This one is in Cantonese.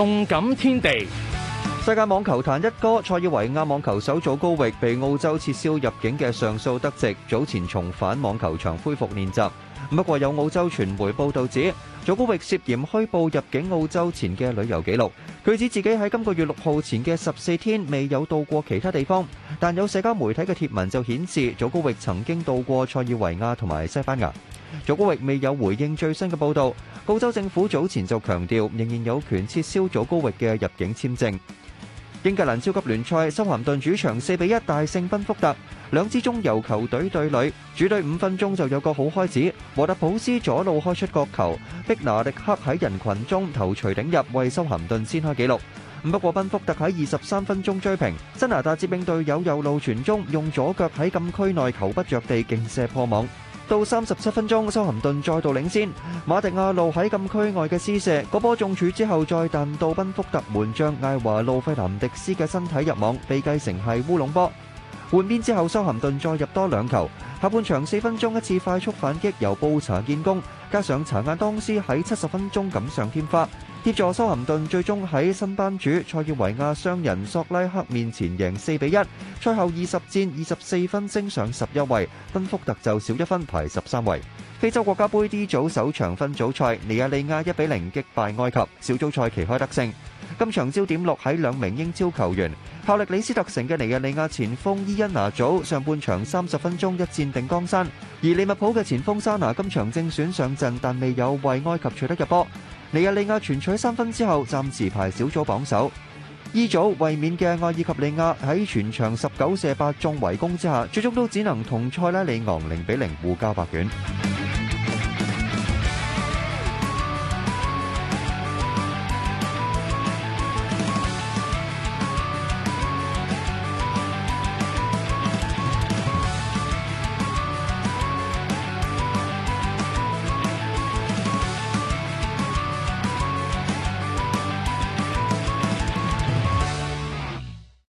。動感天地，世界網球壇一哥塞爾維亞網球手祖高域被澳洲撤銷入境嘅上訴得直，早前重返網球場恢復練習。不過有澳洲傳媒報道指，祖高域涉嫌虛報入境澳洲前嘅旅遊紀錄。佢指自己喺今個月六號前嘅十四天未有到過其他地方，但有社交媒體嘅貼文就顯示，祖高域曾經到過塞爾維亞同埋西班牙。祖高域未有回應最新嘅報導。澳洲政府早前就強調，仍然有權撤銷祖高域嘅入境簽證。英格蘭超級聯賽，修咸頓主場四比一大勝賓福特。兩支中游球隊對壘，主隊五分鐘就有個好開始。獲得普斯左路開出角球，碧拿力克喺人群中頭鎚頂入，為修咸頓先開紀錄。不過賓福特喺二十三分鐘追平。加拿大接應隊友右路傳中，用左腳喺禁區內球不着地勁射破網。到三十七分鐘，修咸頓再度領先。馬迪亞路喺禁區外嘅施射，個波中柱之後再彈到賓福特門將艾華路費南迪斯嘅身體入網，被計成係烏龍波。換邊之後，修咸頓再入多兩球。下半場四分鐘一次快速反擊，由布查建功，加上查亞當斯喺七十分鐘錦上添花。協助修咸頓最終喺新班主塞爾維亞商人索拉克面前贏四比一，賽後二十戰二十四分升上十一位，賓福特就少一分排十三位。非洲國家杯 D 組首場分組賽，尼亞利亞一比零擊敗埃及，小組賽旗開得勝。今場焦點落喺兩名英超球員，效力里斯特城嘅尼亞利亞前鋒伊恩拿組上半場三十分鐘一戰定江山，而利物浦嘅前鋒沙拿今場正選上陣，但未有為埃及取得入波。尼日利亞全取三分之後，暫時排小組榜首。E 組衛冕嘅阿爾及利亞喺全場十九射八中圍攻之下，最終都只能同塞拉利昂零比零互交白卷。